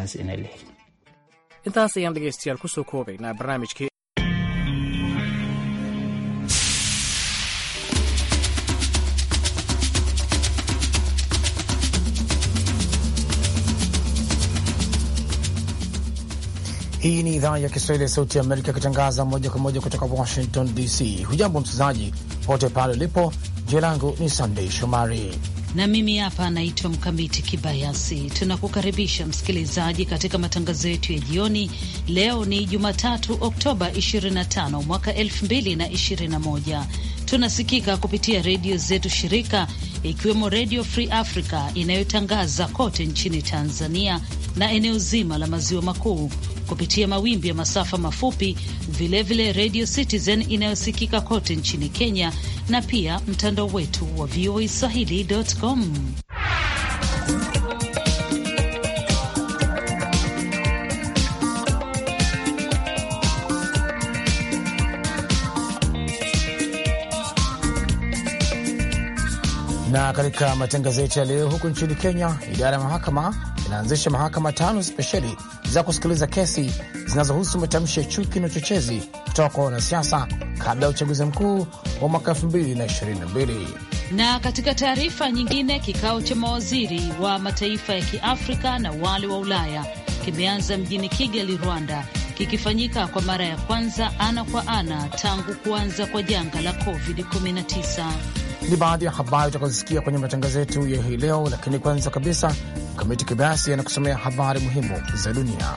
intaas ina leh intaas ayaan dhegaystayaal ku soo koobaynaa barnaamijkii Hii ni idhaa ya Kiswahili ya Sauti ya Amerika ikitangaza moja kwa moja kutoka Washington DC. Hujambo msikilizaji pote pale ulipo. Jina langu ni Sandei Shomari na mimi hapa naitwa Mkamiti Kibayasi. Tunakukaribisha msikilizaji katika matangazo yetu ya jioni. Leo ni Jumatatu, Oktoba 25 mwaka 2021. Tunasikika kupitia redio zetu shirika ikiwemo Redio Free Africa inayotangaza kote nchini Tanzania na eneo zima la maziwa makuu kupitia mawimbi ya masafa mafupi, vilevile Redio Citizen inayosikika kote nchini Kenya na pia mtandao wetu wa VOA swahili.com. Na katika matangazo yetu ya leo, huku nchini Kenya, idara ya mahakama inaanzisha mahakama tano spesheli za kusikiliza kesi zinazohusu matamshi ya chuki na uchochezi kutoka kwa wanasiasa kabla ya uchaguzi mkuu wa mwaka 2022. Na katika taarifa nyingine, kikao cha mawaziri wa mataifa ya Kiafrika na wale wa Ulaya kimeanza mjini Kigali, Rwanda, kikifanyika kwa mara ya kwanza ana kwa ana tangu kuanza kwa janga la COVID-19. Ni baadhi ya habari utakazosikia kwenye matangazo yetu ya hii leo, lakini kwanza kabisa Mkamiti Kibayasi anakusomea habari muhimu za dunia.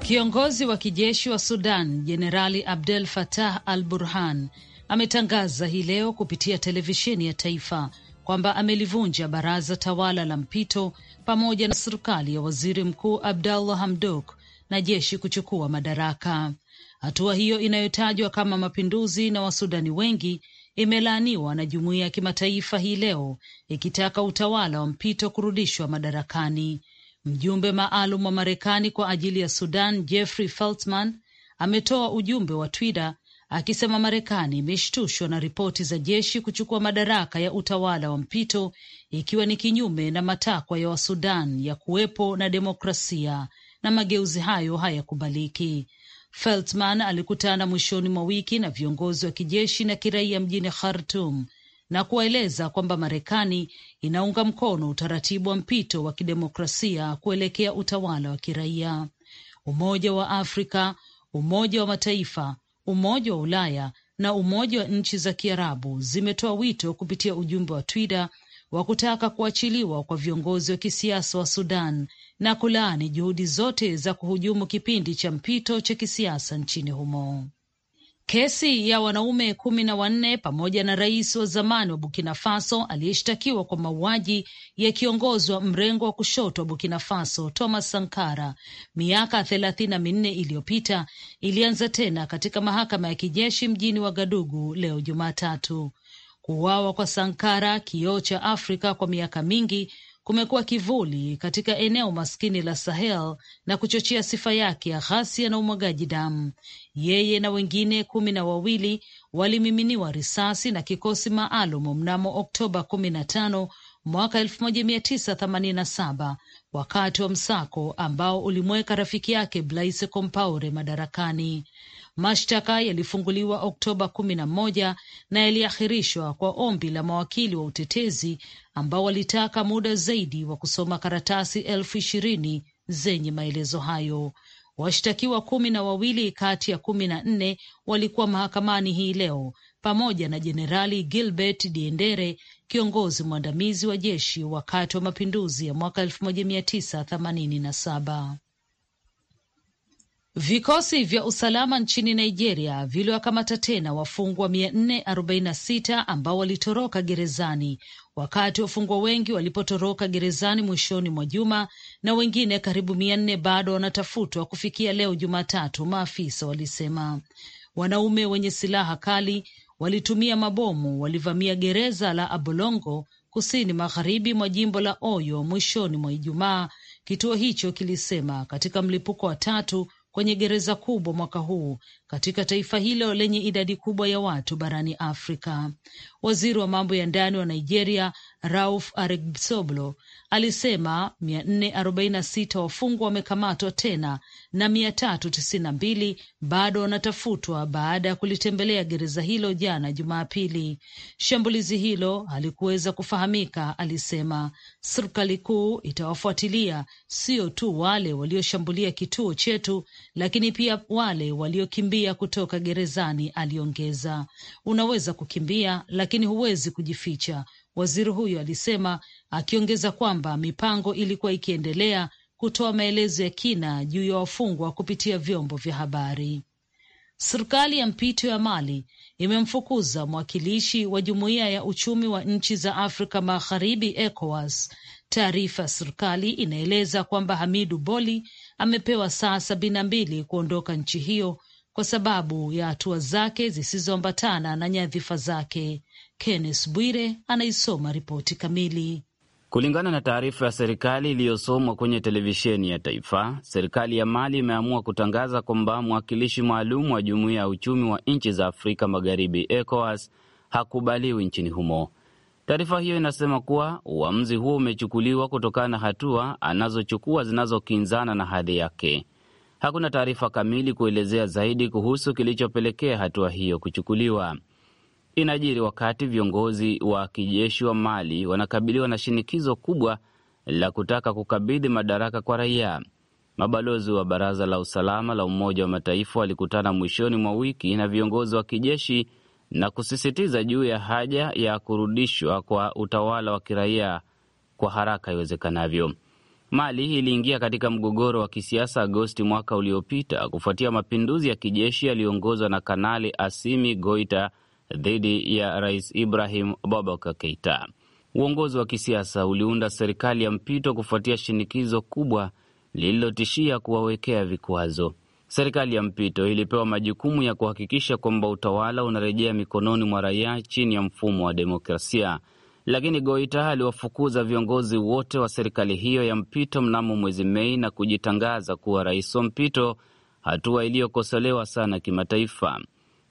Kiongozi wa kijeshi wa Sudan Jenerali Abdel Fattah al Burhan ametangaza hii leo kupitia televisheni ya taifa kwamba amelivunja baraza tawala la mpito pamoja na serikali ya waziri mkuu Abdallah Hamdok na jeshi kuchukua madaraka. Hatua hiyo inayotajwa kama mapinduzi na Wasudani wengi imelaaniwa na jumuiya ya kimataifa hii leo ikitaka utawala wa mpito kurudishwa madarakani. Mjumbe maalum wa Marekani kwa ajili ya Sudan Jeffrey Feltman ametoa ujumbe wa Twitter akisema Marekani imeshtushwa na ripoti za jeshi kuchukua madaraka ya utawala wa mpito ikiwa ni kinyume na matakwa ya Wasudan ya kuwepo na demokrasia na mageuzi hayo hayakubaliki. Feltman alikutana mwishoni mwa wiki na viongozi wa kijeshi na kiraia mjini Khartum na kuwaeleza kwamba Marekani inaunga mkono utaratibu wa mpito wa kidemokrasia kuelekea utawala wa kiraia. Umoja wa Afrika, Umoja wa Mataifa Umoja wa Ulaya na Umoja wa Nchi za Kiarabu zimetoa wito kupitia ujumbe wa Twitter wa kutaka kuachiliwa kwa viongozi wa kisiasa wa Sudan na kulaani juhudi zote za kuhujumu kipindi cha mpito cha kisiasa nchini humo. Kesi ya wanaume kumi na wanne pamoja na rais wa zamani wa Burkina Faso aliyeshtakiwa kwa mauaji ya kiongozi wa mrengo wa kushoto wa Burkina Faso Thomas Sankara miaka thelathini na minne iliyopita ilianza tena katika mahakama ya kijeshi mjini Wagadugu leo Jumatatu. Kuuawa kwa Sankara, kioo cha Afrika kwa miaka mingi, kumekuwa kivuli katika eneo maskini la Sahel na kuchochea sifa yake ya ghasia na umwagaji damu. Yeye na wengine kumi na wawili walimiminiwa risasi na kikosi maalum mnamo Oktoba 15 mwaka 1987 wakati wa msako ambao ulimweka rafiki yake Blaise Compaore madarakani. Mashtaka yalifunguliwa Oktoba kumi na moja na yaliahirishwa kwa ombi la mawakili wa utetezi ambao walitaka muda zaidi wa kusoma karatasi elfu ishirini zenye maelezo hayo. Washtakiwa kumi na wawili kati ya kumi na nne walikuwa mahakamani hii leo pamoja na Jenerali Gilbert Diendere, kiongozi mwandamizi wa jeshi wakati wa mapinduzi ya mwaka 1987. Vikosi vya usalama nchini Nigeria viliwakamata tena wafungwa 446 ambao walitoroka gerezani wakati wafungwa wengi walipotoroka gerezani mwishoni mwa juma na wengine karibu mia nne bado wanatafutwa kufikia leo Jumatatu, maafisa walisema. Wanaume wenye silaha kali walitumia mabomu, walivamia gereza la Abolongo kusini magharibi mwa jimbo la Oyo mwishoni mwa Ijumaa, kituo hicho kilisema, katika mlipuko wa tatu kwenye gereza kubwa mwaka huu katika taifa hilo lenye idadi kubwa ya watu barani Afrika. Waziri wa mambo ya ndani wa Nigeria Rauf Arigsoblo alisema 446 wafungwa wamekamatwa tena na 392 bado wanatafutwa baada ya kulitembelea gereza hilo jana Jumapili. Shambulizi hilo halikuweza kufahamika, alisema. Serikali kuu itawafuatilia sio tu wale walioshambulia kituo chetu, lakini pia wale waliokimbia kutoka gerezani, aliongeza. Unaweza kukimbia, lakini huwezi kujificha, waziri huyu huyo alisema, akiongeza kwamba mipango ilikuwa ikiendelea kutoa maelezo ya kina juu ya wafungwa kupitia vyombo vya habari. Serikali ya mpito ya Mali imemfukuza mwakilishi wa jumuiya ya uchumi wa nchi za Afrika Magharibi, ECOWAS. Taarifa ya serikali inaeleza kwamba Hamidu Boli amepewa saa sabini na mbili kuondoka nchi hiyo kwa sababu ya hatua zake zisizoambatana na nyadhifa zake. Kenneth Bwire anaisoma ripoti kamili. Kulingana na taarifa ya serikali iliyosomwa kwenye televisheni ya taifa, serikali ya Mali imeamua kutangaza kwamba mwakilishi maalum wa jumuiya ya uchumi wa nchi za Afrika Magharibi, ECOWAS, hakubaliwi nchini humo. Taarifa hiyo inasema kuwa uamuzi huo umechukuliwa kutokana na hatua anazochukua zinazokinzana na hadhi yake. Hakuna taarifa kamili kuelezea zaidi kuhusu kilichopelekea hatua hiyo kuchukuliwa inajiri wakati viongozi wa kijeshi wa Mali wanakabiliwa na shinikizo kubwa la kutaka kukabidhi madaraka kwa raia. Mabalozi wa Baraza la Usalama la Umoja wa Mataifa walikutana mwishoni mwa wiki na viongozi wa kijeshi na kusisitiza juu ya haja ya kurudishwa kwa utawala wa kiraia kwa haraka iwezekanavyo. Mali iliingia katika mgogoro wa kisiasa Agosti mwaka uliopita kufuatia mapinduzi ya kijeshi yaliyoongozwa na Kanali Asimi Goita dhidi ya Rais Ibrahim Boubacar Keita. Uongozi wa kisiasa uliunda serikali ya mpito kufuatia shinikizo kubwa lililotishia kuwawekea vikwazo. Serikali ya mpito ilipewa majukumu ya kuhakikisha kwamba utawala unarejea mikononi mwa raia chini ya mfumo wa demokrasia, lakini Goita aliwafukuza viongozi wote wa serikali hiyo ya mpito mnamo mwezi Mei na kujitangaza kuwa rais wa mpito, hatua iliyokosolewa sana kimataifa.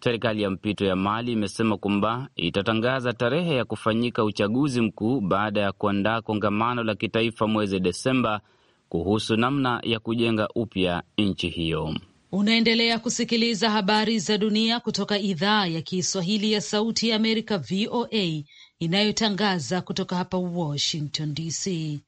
Serikali ya mpito ya Mali imesema kwamba itatangaza tarehe ya kufanyika uchaguzi mkuu baada ya kuandaa kongamano la kitaifa mwezi Desemba kuhusu namna ya kujenga upya nchi hiyo. Unaendelea kusikiliza habari za dunia kutoka idhaa ya Kiswahili ya Sauti ya Amerika, VOA, inayotangaza kutoka hapa Washington DC.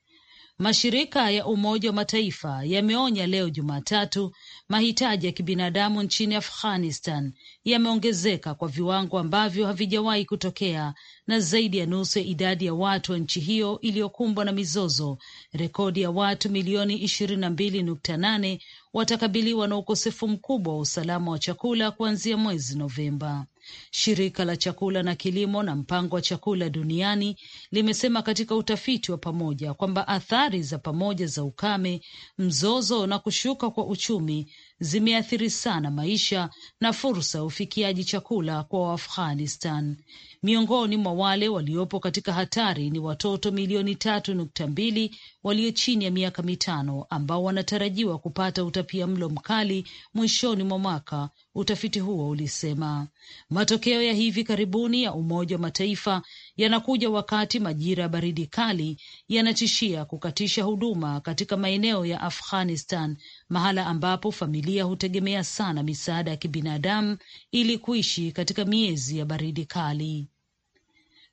Mashirika ya Umoja wa Mataifa yameonya leo Jumatatu mahitaji ya kibinadamu nchini Afghanistan yameongezeka kwa viwango ambavyo havijawahi kutokea, na zaidi ya nusu ya idadi ya watu wa nchi hiyo iliyokumbwa na mizozo, rekodi ya watu milioni ishirini na mbili nukta nane watakabiliwa na ukosefu mkubwa wa usalama wa chakula kuanzia mwezi Novemba. Shirika la chakula na kilimo na mpango wa chakula duniani limesema katika utafiti wa pamoja kwamba athari za pamoja za ukame, mzozo na kushuka kwa uchumi zimeathiri sana maisha na fursa ya ufikiaji chakula kwa Waafghanistan. Miongoni mwa wale waliopo katika hatari ni watoto milioni tatu nukta mbili walio chini ya miaka mitano ambao wanatarajiwa kupata utapia mlo mkali mwishoni mwa mwaka, utafiti huo ulisema. Matokeo ya hivi karibuni ya Umoja wa Mataifa yanakuja wakati majira ya baridi kali yanatishia kukatisha huduma katika maeneo ya Afghanistan, mahala ambapo familia hutegemea sana misaada ya kibinadamu ili kuishi katika miezi ya baridi kali.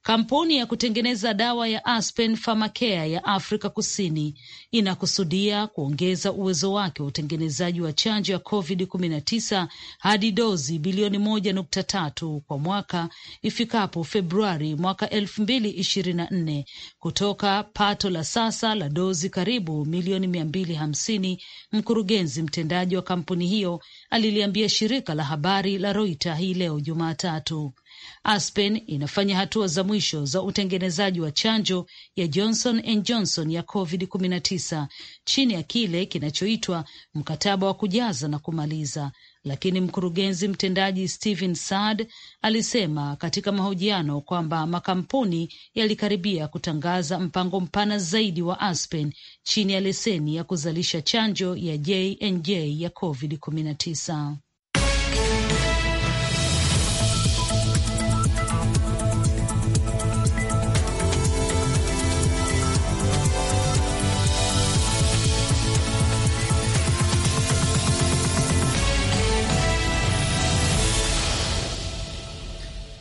Kampuni ya kutengeneza dawa ya Aspen Pharmacare ya Afrika Kusini inakusudia kuongeza uwezo wake wa utengenezaji wa chanjo ya COVID-19 hadi dozi bilioni moja nukta tatu kwa mwaka ifikapo Februari mwaka elfu mbili ishirini na nne kutoka pato la sasa la dozi karibu milioni mia mbili hamsini. Mkurugenzi mtendaji wa kampuni hiyo aliliambia shirika la habari la Roita hii leo Jumatatu. Aspen inafanya hatua za mwisho za utengenezaji wa chanjo ya Johnson and Johnson ya COVID-19 chini ya kile kinachoitwa mkataba wa kujaza na kumaliza, lakini mkurugenzi mtendaji stephen Saad alisema katika mahojiano kwamba makampuni yalikaribia kutangaza mpango mpana zaidi wa Aspen chini ya leseni ya kuzalisha chanjo ya J&J ya COVID-19.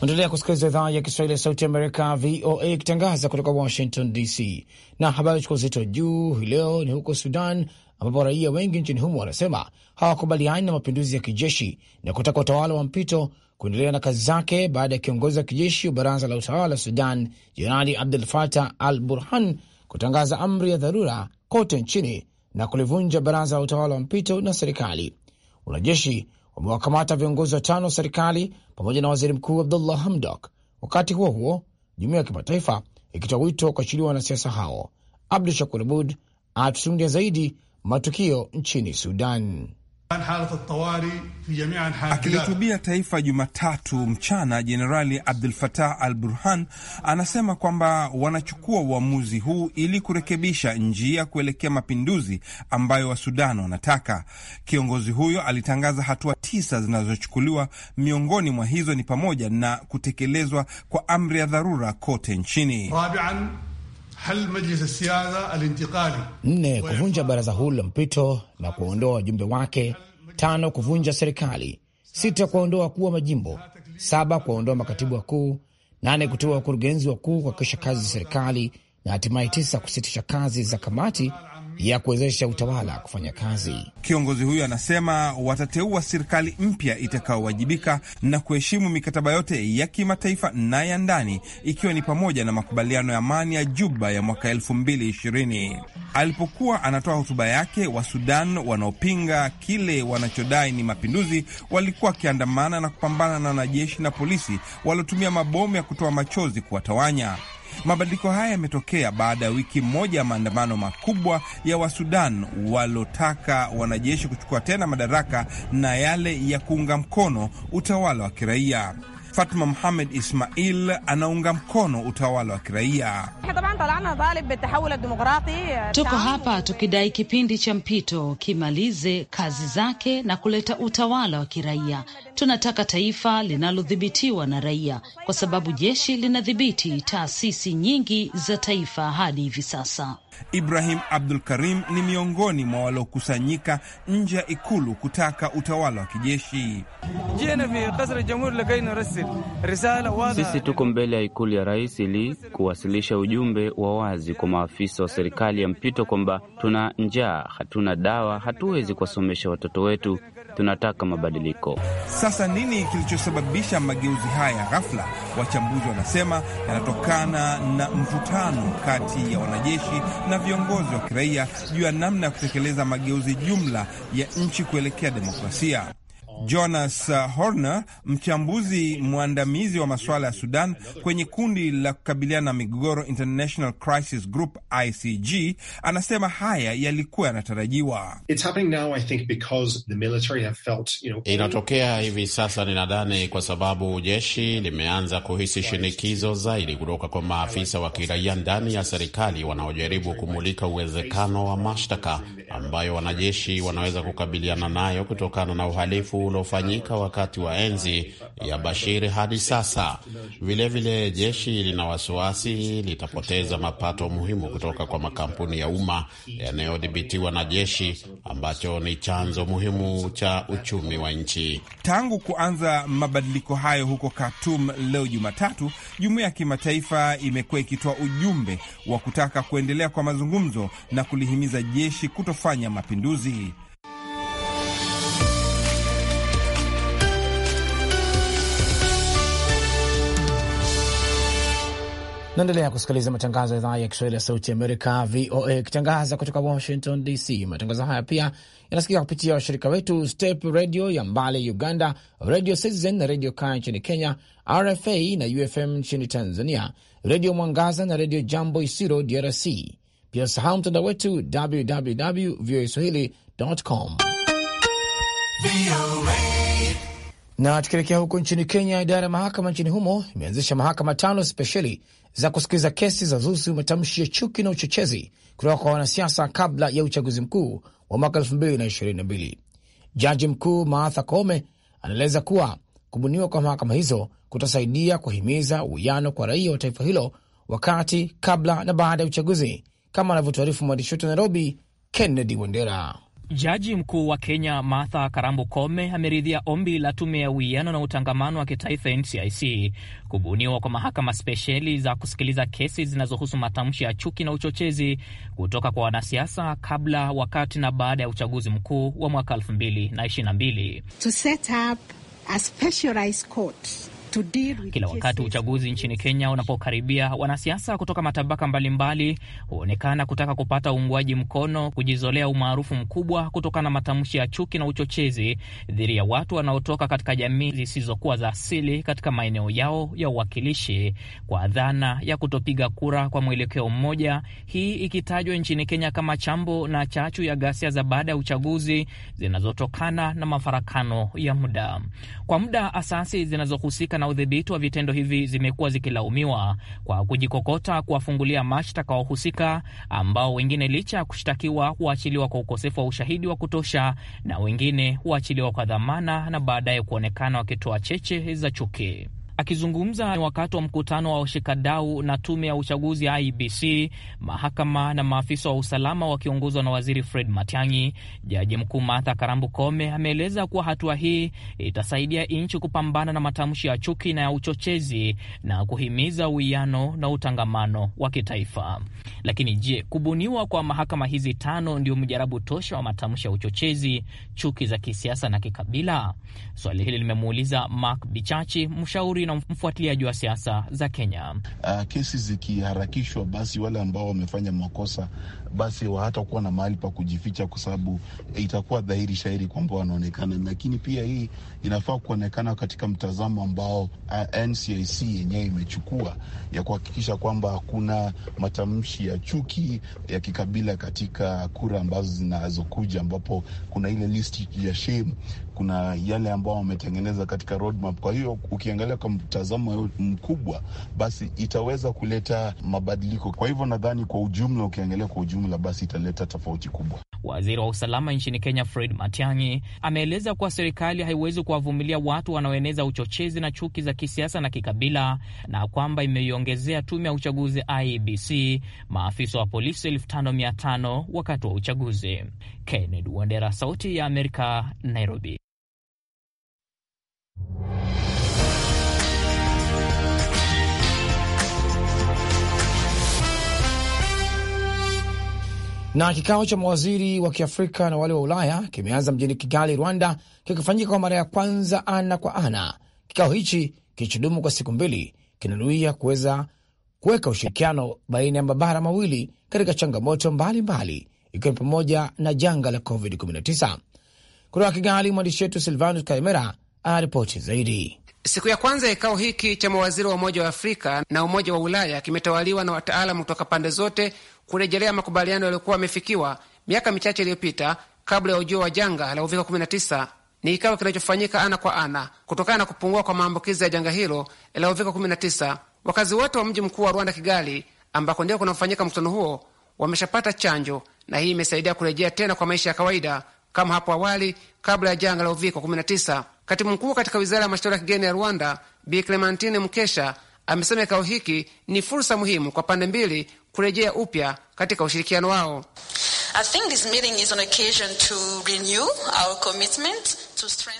Endelea kusikiliza idhaa ya Kiswahili ya Sauti Amerika, VOA, ikitangaza kutoka Washington DC. Na habari chukua uzito juu hii leo ni huko Sudan, ambapo raia wengi nchini humo wanasema hawakubaliani na mapinduzi ya kijeshi na kutaka utawala wa mpito kuendelea na kazi zake baada ya kiongozi wa kijeshi wa baraza la utawala wa Sudan, Jenerali Abdul Fatah al Burhan, kutangaza amri ya dharura kote nchini na kulivunja baraza la utawala wa mpito na serikali. Wanajeshi wamewakamata viongozi watano wa serikali pamoja na waziri mkuu Abdullah Hamdok. Wakati huo huo, jumuiya ya kimataifa ikitoa wito kuachiliwa wanasiasa hao. Abdu Shakur Abud anatusimulia zaidi matukio nchini Sudan. Akilihutubia taifa Jumatatu mchana, Jenerali Abdul Fatah al Burhan anasema kwamba wanachukua uamuzi huu ili kurekebisha njia kuelekea mapinduzi ambayo Wasudan wanataka. Kiongozi huyo alitangaza hatua tisa zinazochukuliwa, miongoni mwa hizo ni pamoja na kutekelezwa kwa amri ya dharura kote nchini. Rabian nne, kuvunja baraza huru la mpito na kuwaondoa wajumbe wake; tano, kuvunja serikali; sita, kuwaondoa wakuu wa majimbo; saba, kuwaondoa makatibu wakuu; nane, kuteua wakurugenzi wakuu kuhakikisha kazi za serikali na hatimaye tisa, kusitisha kazi za kamati ya kuwezesha utawala kufanya kazi. Kiongozi huyo anasema watateua serikali mpya itakayowajibika na kuheshimu mikataba yote ya kimataifa na ya ndani, ikiwa ni pamoja na makubaliano ya amani ya Juba ya mwaka ishirini Alipokuwa anatoa hotuba yake, wa Sudan wanaopinga kile wanachodai ni mapinduzi walikuwa wakiandamana na kupambana na wanajeshi na polisi waliotumia mabomu ya kutoa machozi kuwatawanya. Mabadiliko haya yametokea baada ya wiki moja ya maandamano makubwa ya Wasudan walotaka wanajeshi kuchukua tena madaraka na yale ya kuunga mkono utawala wa kiraia. Fatma Muhamed Ismail anaunga mkono utawala wa kiraia. Eh, tuko hapa tukidai kipindi cha mpito kimalize kazi zake na kuleta utawala wa kiraia. Tunataka taifa linalodhibitiwa na raia, kwa sababu jeshi linadhibiti taasisi nyingi za taifa hadi hivi sasa. Ibrahim Abdul Karim ni miongoni mwa waliokusanyika nje ya ikulu kutaka utawala wa kijeshi. Sisi tuko mbele ya ikulu ya rais ili kuwasilisha ujumbe wa wazi kwa maafisa wa serikali ya mpito kwamba tuna njaa, hatuna dawa, hatuwezi kuwasomesha watoto wetu, tunataka mabadiliko. Sasa nini kilichosababisha mageuzi haya ya ghafla? Wachambuzi wanasema yanatokana na mvutano kati ya wanajeshi na viongozi wa kiraia juu ya namna ya kutekeleza mageuzi jumla ya nchi kuelekea demokrasia. Jonas Horner, mchambuzi mwandamizi wa masuala ya Sudan kwenye kundi la kukabiliana na migogoro International Crisis Group ICG, anasema haya yalikuwa yanatarajiwa. inatokea hivi sasa. Ninadhani kwa sababu jeshi limeanza kuhisi shinikizo zaidi kutoka kwa maafisa wa kiraia ndani ya serikali wanaojaribu kumulika uwezekano wa mashtaka ambayo wanajeshi wanaweza kukabiliana nayo kutokana na uhalifu uliofanyika wakati wa enzi ya Bashir hadi sasa. Vilevile vile jeshi lina wasiwasi litapoteza mapato muhimu kutoka kwa makampuni ya umma yanayodhibitiwa na jeshi ambacho ni chanzo muhimu cha uchumi wa nchi. Tangu kuanza mabadiliko hayo huko Khartoum leo Jumatatu, jumuiya ya kimataifa imekuwa ikitoa ujumbe wa kutaka kuendelea kwa mazungumzo na kulihimiza jeshi kutofanya mapinduzi. Naendelea kusikiliza matangazo ya idhaa ya Kiswahili ya Sauti Amerika, VOA, ikitangaza kutoka Washington DC. Matangazo haya pia yanasikika kupitia washirika wetu Step Redio ya Mbale Uganda, Radio Citizen na Redio Kaya nchini Kenya, RFA na UFM nchini Tanzania, Redio Mwangaza na Redio Jambo Isiro DRC. Pia usahau mtandao wetu www voa swahili com. Na tukielekea huko nchini Kenya, idara ya mahakama nchini humo imeanzisha mahakama tano spesheli za kusikiliza kesi za zusu matamshi ya chuki na uchochezi kutoka kwa wanasiasa kabla ya uchaguzi mkuu wa mwaka 2022. Jaji mkuu Martha Koome anaeleza kuwa kubuniwa kwa mahakama hizo kutasaidia kuhimiza uwiano kwa raia wa taifa hilo wakati, kabla na baada ya uchaguzi, kama anavyotuarifu mwandishi wetu Nairobi, Kennedy Wandera. Jaji mkuu wa Kenya Martha Karambu Kome ameridhia ombi la tume ya uwiano na utangamano wa kitaifa NCIC kubuniwa kwa mahakama spesheli za kusikiliza kesi zinazohusu matamshi ya chuki na uchochezi kutoka kwa wanasiasa kabla, wakati na baada ya uchaguzi mkuu wa mwaka 2022. Kila wakati uchaguzi nchini Kenya unapokaribia, wanasiasa kutoka matabaka mbalimbali huonekana kutaka kupata uungwaji mkono, kujizolea umaarufu mkubwa kutokana na matamshi ya chuki na uchochezi dhidi ya watu wanaotoka katika jamii zisizokuwa za asili katika maeneo yao ya uwakilishi, kwa dhana ya kutopiga kura kwa mwelekeo mmoja, hii ikitajwa nchini Kenya kama chambo na chachu ya ghasia za baada ya uchaguzi zinazotokana na mafarakano ya muda kwa muda. Asasi zinazohusika na udhibiti wa vitendo hivi zimekuwa zikilaumiwa kwa kujikokota kuwafungulia mashtaka wahusika ambao wengine licha ya kushtakiwa huachiliwa kwa ukosefu wa ushahidi wa kutosha na wengine huachiliwa kwa dhamana na baadaye kuonekana wakitoa cheche za chuki. Akizungumza wakati wa mkutano wa washikadau na tume ya uchaguzi ya IBC, mahakama na maafisa wa usalama wakiongozwa na waziri Fred Matiang'i, jaji mkuu Martha Karambu Kome ameeleza kuwa hatua hii itasaidia nchi kupambana na matamshi ya chuki na ya uchochezi na kuhimiza uwiano na utangamano wa kitaifa. Lakini je, kubuniwa kwa mahakama hizi tano ndio mjarabu tosha wa matamshi ya uchochezi, chuki za kisiasa na kikabila? Swali hili limemuuliza Mark Bichachi, mshauri na mfuatiliaji wa siasa za Kenya. Uh, kesi zikiharakishwa, basi wale ambao wamefanya makosa basi hawatakuwa na mahali pa kujificha, kwa sababu itakuwa dhahiri shahiri kwamba wanaonekana. Lakini pia hii inafaa kuonekana katika mtazamo ambao uh, ah, NCIC yenyewe imechukua ya kuhakikisha kwamba hakuna matamshi ya chuki ya kikabila katika kura ambazo zinazokuja, ambapo kuna ile listi ya shame kuna yale ambao wametengeneza katika roadmap. Kwa hiyo ukiangalia kwa mtazamo mkubwa, basi itaweza kuleta mabadiliko. Kwa hivyo nadhani kwa ujumla, ukiangalia kwa ujumla, basi italeta tofauti kubwa. Waziri wa usalama nchini Kenya Fred Matiang'i ameeleza kuwa serikali haiwezi kuwavumilia watu wanaoeneza uchochezi na chuki za kisiasa na kikabila, na kwamba imeiongezea tume ya uchaguzi IEBC maafisa wa polisi elfu tano mia tano wakati wa uchaguzi. Kennedy Wandera, Sauti ya Amerika, Nairobi. Na kikao cha mawaziri wa Kiafrika na wale wa Ulaya kimeanza mjini Kigali, Rwanda, kikifanyika kwa mara ya kwanza ana kwa ana. Kikao hichi kilichodumu kwa siku mbili kinanuia kuweza kuweka ushirikiano baina ya mabara mawili katika changamoto mbalimbali, ikiwa ni pamoja na janga la COVID-19. Kutoka Kigali, mwandishi wetu Silvanus Kaimera aripoti zaidi. Siku ya kwanza ya kikao hiki cha mawaziri wa Umoja wa Afrika na Umoja wa Ulaya kimetawaliwa na wataalamu kutoka pande zote kurejelea makubaliano yaliyokuwa yamefikiwa miaka michache iliyopita kabla ya ujio wa janga la uviko 19. Ni kikao kinachofanyika ana kwa ana kutokana na kupungua kwa maambukizi ya janga hilo la uviko 19. Wakazi wote wa mji mkuu wa Rwanda, Kigali, ambako ndio kunafanyika mkutano huo, wameshapata chanjo na hii imesaidia kurejea tena kwa maisha ya kawaida kama hapo awali kabla ya janga la uviko 19. Katibu mkuu katika wizara ya mashauri ya kigeni ya Rwanda Bi Clementine Mkesha amesema kikao hiki ni fursa muhimu kwa pande mbili kurejea upya katika ushirikiano wao.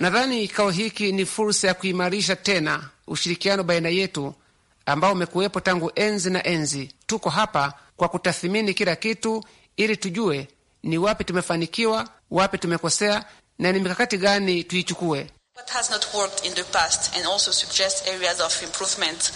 Nadhani kikao hiki ni fursa ya kuimarisha tena ushirikiano baina yetu ambao umekuwepo tangu enzi na enzi. Tuko hapa kwa kutathimini kila kitu ili tujue ni wapi tumefanikiwa, wapi tumekosea na ni mikakati gani tuichukue. What has not worked in the past and also areas of improvement.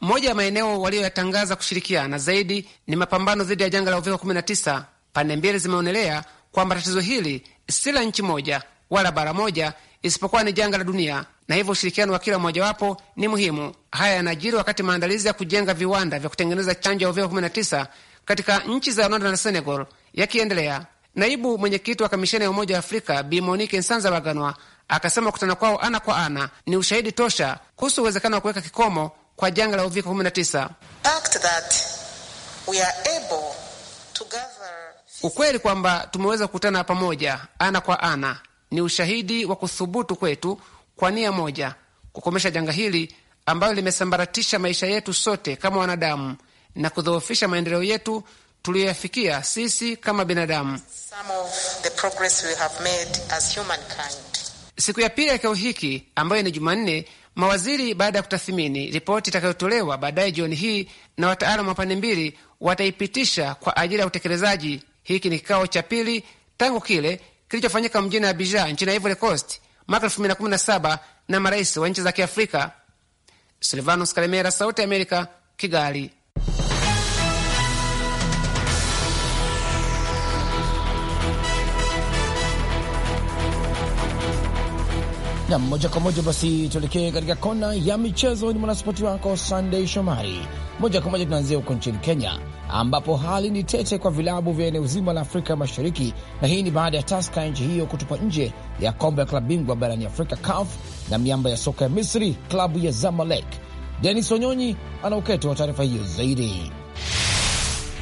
Moja ya maeneo waliyoyatangaza kushirikiana zaidi ni mapambano dhidi ya janga la uviko 19. Pande mbili zimeonelea kwamba tatizo hili si la nchi moja wala bara moja, isipokuwa ni janga la dunia, na hivyo ushirikiano wa kila mmojawapo ni muhimu. Haya yanajiri wakati maandalizi ya kujenga viwanda vya kutengeneza chanjo ya uviko 19 katika nchi za Rwanda na Senegal yakiendelea. Naibu mwenyekiti wa kamisheni ya Umoja wa Afrika Bi Monique Nsanzabaganwa Akasema kukutana kwao ana kwa ana ni ushahidi tosha kuhusu uwezekano wa kuweka kikomo kwa janga la uviko 19. Ukweli kwamba tumeweza kukutana pamoja ana kwa ana ni ushahidi wa kuthubutu kwetu kwa nia moja kukomesha janga hili ambalo limesambaratisha maisha yetu sote kama wanadamu na kudhoofisha maendeleo yetu tuliyoyafikia sisi kama binadamu. Some of the progress we have made as humankind. Siku ya pili ya kikao hiki ambayo ni Jumanne, mawaziri baada ya kutathimini ripoti itakayotolewa baadaye jioni hii na wataalam wa pande mbili wataipitisha kwa ajili ya utekelezaji. Hiki ni kikao cha pili tangu kile kilichofanyika mjini Abidjan nchini Ivory Coast mwaka 2017 na marais wa nchi za Kiafrika. Silvanos Kalemera, Sauti ya Amerika, Kigali. na moja kwa moja basi tuelekee katika kona ya michezo. Ni mwanaspoti wako Sunday Shomari. Moja kwa moja tunaanzia huko nchini Kenya, ambapo hali ni tete kwa vilabu vya eneo zima la Afrika Mashariki, na hii ni baada ya taska ya nchi hiyo kutupa nje ya kombe ya klabu bingwa barani Afrika, CAF, na miamba ya soka ya Misri, klabu ya Zamalek. Denis Onyonyi ana ukete wa taarifa hiyo zaidi.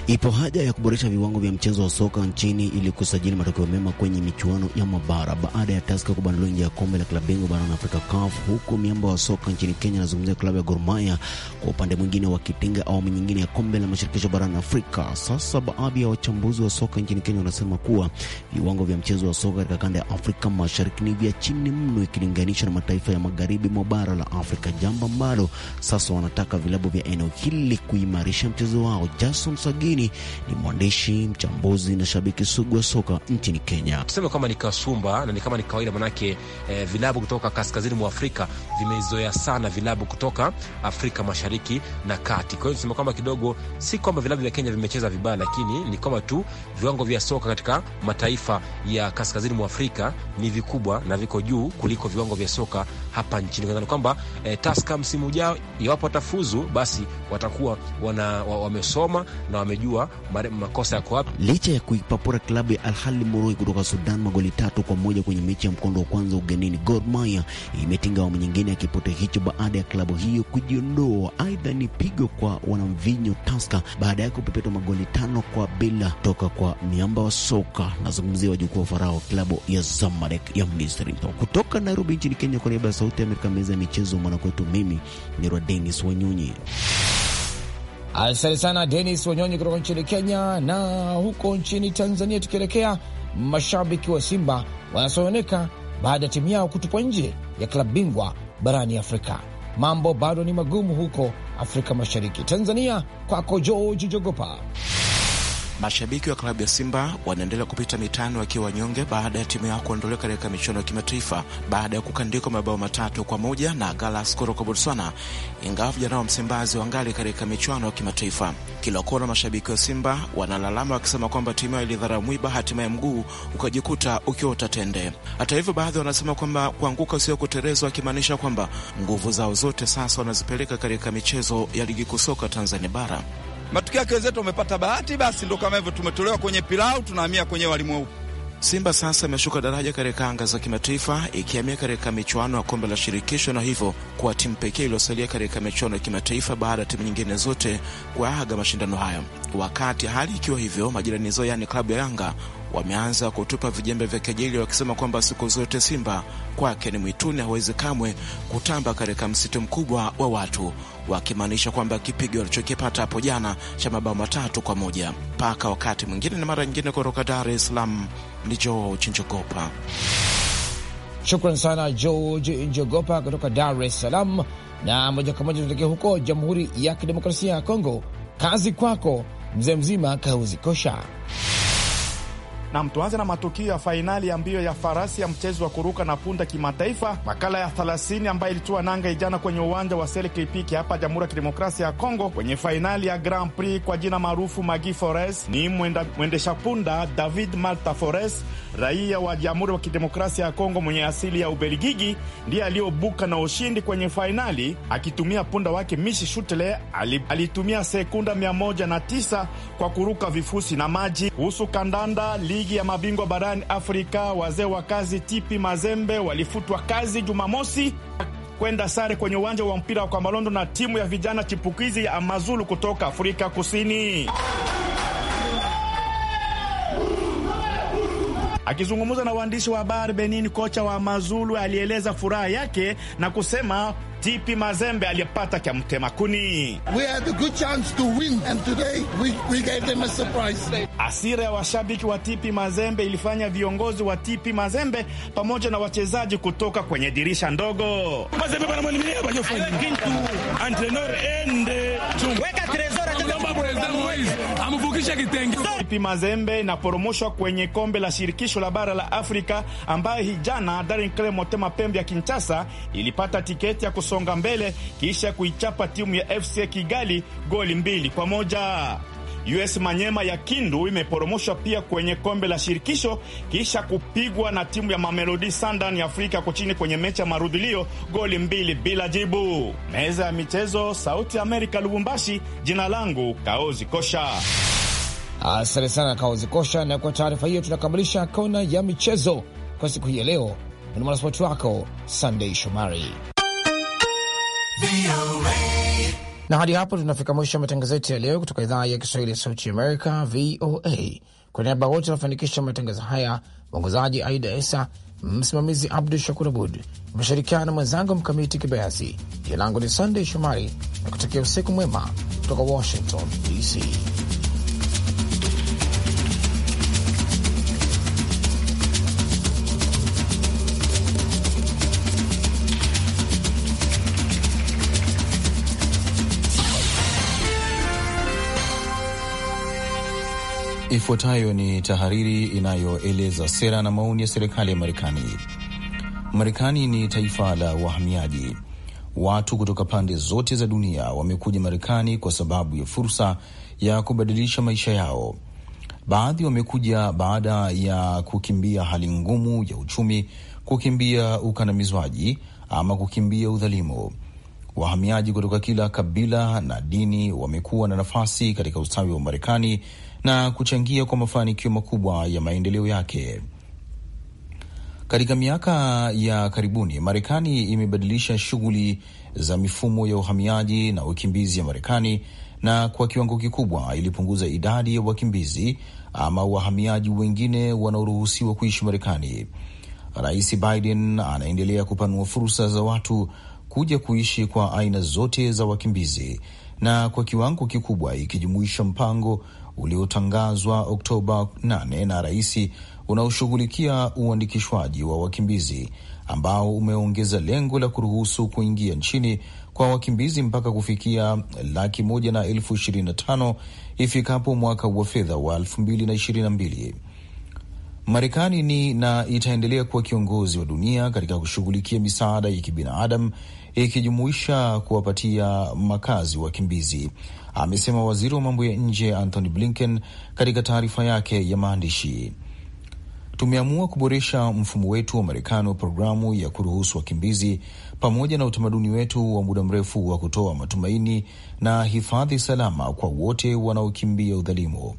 Ipo haja ya kuboresha viwango vya mchezo wa soka nchini ili kusajili matokeo mema kwenye michuano ya mabara baada ya Taska kubanduliwa nje ya kombe la klabu bingwa barani Afrika CAF, huku miamba wa soka nchini Kenya anazungumzia klabu ya Gor Mahia kwa upande mwingine wakipinga awamu nyingine ya kombe la mashirikisho barani Afrika. Sasa baadhi ya wachambuzi wa soka nchini Kenya wanasema kuwa viwango vya mchezo wa soka katika kanda ya Afrika Mashariki ni vya chini mno ikilinganishwa na mataifa ya magharibi mwa bara la Afrika, jambo ambalo sasa wanataka vilabu vya eneo hili kuimarisha mchezo wao. Jason Sagi Kiswahili ni mwandishi, mchambuzi na shabiki sugu wa soka nchini Kenya. Tuseme kwamba ni kasumba na ni kama ni kawaida, manake eh, vilabu kutoka kaskazini mwa Afrika vimezoea sana vilabu kutoka Afrika mashariki na kati. Kwa hiyo tuseme kwamba kidogo, si kwamba vilabu vya Kenya vimecheza vibaya, lakini ni kwamba tu viwango vya soka katika mataifa ya kaskazini mwa Afrika ni vikubwa na viko juu kuliko viwango vya soka hapa nchini Tanzania kwamba e, eh, Taska msimu ujao iwapo watafuzu basi watakuwa wana, wamesoma na wamejua makosa yako wapi. Licha ya kuipapura klabu ya Al Ahly Moroi kutoka Sudan magoli tatu kwa moja kwenye mechi ya mkondo wa kwanza ugenini, Gor Mahia imetinga awamu nyingine ya kipote hicho baada ya klabu hiyo kujiondoa. Aidha ni pigo kwa wanamvinyo Taska baada ya kupepetwa magoli tano kwa bila toka kwa miamba wa soka. Nazungumzia wajukuu wa farao klabu ya Zamalek ya Misri. Kutoka Nairobi nchini Kenya kwa niaba Sauti ya Amerika, meza ya michezo mwanakwetu. Mimi ni Rwa Denis Wanyonyi. Asante sana Denis Wanyonyi kutoka nchini Kenya. Na huko nchini Tanzania tukielekea, mashabiki wa Simba wanasononeka baada ya timu yao kutupwa nje ya klabu bingwa barani Afrika. Mambo bado ni magumu huko Afrika Mashariki. Tanzania, kwako George Jogopa. Mashabiki wa klabu ya Simba wanaendelea kupita mitano wakiwa wanyonge baada ya timu yao kuondolewa katika michuano ya kimataifa baada ya kukandikwa mabao matatu kwa moja na Galas kutoka Botswana, ingawa vijana wa Msimbazi wangali katika michuano ya kimataifa. Kila kona mashabiki wa Simba wanalalama wakisema kwamba timu yao ilidharau mwiba, hatimaye mguu ukajikuta ukiota tende. Hata hivyo, baadhi wanasema kwamba kuanguka sio kuterezwa, akimaanisha kwamba nguvu zao zote sasa wanazipeleka katika michezo ya ligi kusoka Tanzania Bara matukio yake wenzetu wamepata bahati, basi ndo kama hivyo, tumetolewa kwenye pilau, tunahamia kwenye wali mweupe. Simba sasa imeshuka daraja katika anga za kimataifa ikihamia katika michuano ya kombe la shirikisho na hivyo kuwa timu pekee iliyosalia katika michuano ya kimataifa baada ya timu nyingine zote kuaga mashindano hayo. Wakati hali ikiwa hivyo, majirani zao yaani klabu ya Yanga wameanza kutupa vijembe vya kejeli wakisema kwamba siku zote simba kwake ni mwituni, hawezi kamwe kutamba katika msitu mkubwa wa watu, wakimaanisha kwamba kipigo walichokipata hapo jana cha mabao matatu kwa moja. Mpaka wakati mwingine na mara nyingine, kutoka Dar es Salaam ni George Njogopa. Shukran sana George Njogopa kutoka Dar es Salaam. Na moja kwa moja tuelekea huko Jamhuri ya Kidemokrasia ya Kongo. Kazi kwako mzee mzima Kauzi Kosha. Nam, tuanze na matukio ya fainali ya mbio ya farasi ya mchezo wa kuruka na punda kimataifa makala ya 30 ambayo ilitua nanga ijana kwenye uwanja wa Selekipiki hapa Jamhuri ya Kidemokrasia ya Kongo kwenye fainali ya Grand Prix kwa jina maarufu Magi Forest. Ni mwendesha punda David Malta Forest, raia wa Jamhuri ya Kidemokrasia ya Kongo mwenye asili ya Ubelgiji, ndiye aliyobuka na ushindi kwenye fainali akitumia punda wake Mishi Shutle. Alitumia sekunda 109 kwa kuruka vifusi na maji. Kuhusu kandanda li ligi ya mabingwa barani Afrika, wazee wa kazi Tipi Mazembe walifutwa kazi Jumamosi kwenda sare kwenye uwanja wa mpira wa Kamalondo na timu ya vijana chipukizi ya Amazulu kutoka Afrika Kusini. Akizungumza na waandishi wa habari Benin, kocha wa Amazulu alieleza furaha yake na kusema TP Mazembe aliyepata kia mtema We had a good chance to win and today we, we gave them a surprise. Asira ya washabiki wa TP Mazembe ilifanya viongozi wa TP Mazembe pamoja na wachezaji kutoka kwenye dirisha ndogo. Mazembe bana mwalimu yeye Weka rais amvukishe kitenge. Ipi Mazembe inaporomoshwa kwenye kombe la shirikisho la bara la Afrika, ambayo hijana Daring Club Motema Pembe ya Kinshasa ilipata tiketi ya kusonga mbele kisha kuichapa timu ya FC Kigali goli mbili kwa moja. US Manyema ya Kindu imeporomoshwa pia kwenye kombe la shirikisho kisha kupigwa na timu ya Mamelodi Sundowns ya Afrika Kusini kwenye mechi ya marudhilio goli mbili bila jibu. Meza ya michezo, Sauti ya Amerika, Lubumbashi. Jina langu Kaozi Kosha. Asante sana Kaozi Kosha, na kwa taarifa hiyo tunakamilisha kona ya michezo kwa siku hii ya leo. Ni mwanaspoti wako Sandei Shomari. Na hadi hapo tunafika mwisho wa matangazo yetu ya leo kutoka idhaa ya Kiswahili ya Sauti Amerika, VOA. Kwa niaba wote wanafanikisha matangazo haya, mwongozaji Aida Esa, msimamizi Abdu Shakur Abud, meshirikiana na mwenzangu Mkamiti Kibayasi. Jina langu ni Sandey Shomari na kutakia usiku mwema kutoka Washington DC. Ifuatayo ni tahariri inayoeleza sera na maoni ya serikali ya Marekani. Marekani ni taifa la wahamiaji. Watu kutoka pande zote za dunia wamekuja Marekani kwa sababu ya fursa ya kubadilisha maisha yao. Baadhi wamekuja baada ya kukimbia hali ngumu ya uchumi, kukimbia ukandamizwaji ama kukimbia udhalimu. Wahamiaji kutoka kila kabila na dini wamekuwa na nafasi katika ustawi wa Marekani na kuchangia kwa mafanikio makubwa ya maendeleo yake. Katika miaka ya karibuni, Marekani imebadilisha shughuli za mifumo ya uhamiaji na wakimbizi ya Marekani, na kwa kiwango kikubwa ilipunguza idadi ya wakimbizi ama wahamiaji wengine wanaoruhusiwa kuishi Marekani. Rais Biden anaendelea kupanua fursa za watu kuja kuishi kwa aina zote za wakimbizi na kwa kiwango kikubwa ikijumuisha mpango uliotangazwa Oktoba 8 na rais unaoshughulikia uandikishwaji wa wakimbizi ambao umeongeza lengo la kuruhusu kuingia nchini kwa wakimbizi mpaka kufikia laki moja na elfu ishirini na tano ifikapo mwaka wa fedha wa elfu mbili na ishirini na mbili. Marekani ni na itaendelea kuwa kiongozi wa dunia katika kushughulikia misaada ya kibinadamu ikijumuisha kuwapatia makazi wakimbizi amesema waziri wa mambo ya nje Anthony Blinken katika taarifa yake ya maandishi. Tumeamua kuboresha mfumo wetu wa Marekani wa programu ya kuruhusu wakimbizi pamoja na utamaduni wetu wa muda mrefu wa kutoa matumaini na hifadhi salama kwa wote wanaokimbia udhalimu.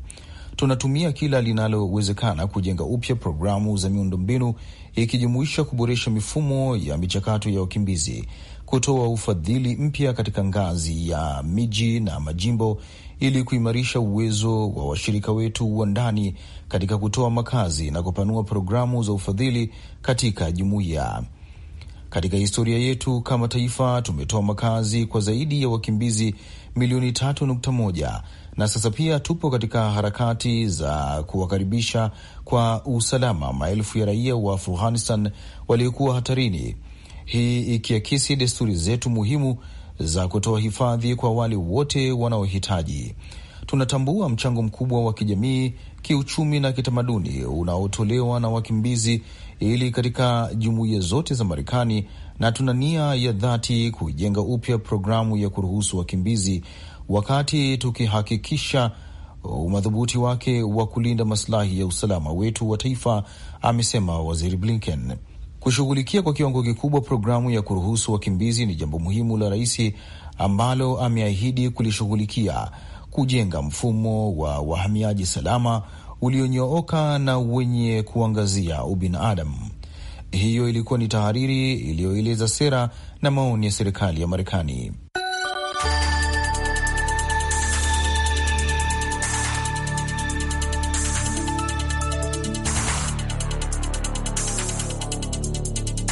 Tunatumia kila linalowezekana kujenga upya programu za miundombinu ikijumuisha kuboresha mifumo ya michakato ya wakimbizi kutoa ufadhili mpya katika ngazi ya miji na majimbo ili kuimarisha uwezo wa washirika wetu wa ndani katika kutoa makazi na kupanua programu za ufadhili katika jumuiya. Katika historia yetu kama taifa tumetoa makazi kwa zaidi ya wakimbizi milioni tatu nukta moja na sasa pia tupo katika harakati za kuwakaribisha kwa usalama maelfu ya raia wa Afghanistan waliokuwa hatarini hii ikiakisi desturi zetu muhimu za kutoa hifadhi kwa wale wote wanaohitaji. Tunatambua mchango mkubwa wa kijamii, kiuchumi na kitamaduni unaotolewa na wakimbizi ili katika jumuiya zote za Marekani, na tuna nia ya dhati kuijenga upya programu ya kuruhusu wakimbizi, wakati tukihakikisha umadhubuti wake wa kulinda masilahi ya usalama wetu wa taifa, amesema Waziri Blinken. Kushughulikia kwa kiwango kikubwa programu ya kuruhusu wakimbizi ni jambo muhimu la rais ambalo ameahidi kulishughulikia, kujenga mfumo wa wahamiaji salama ulionyooka na wenye kuangazia ubinadamu. Hiyo ilikuwa ni tahariri iliyoeleza sera na maoni ya serikali ya Marekani.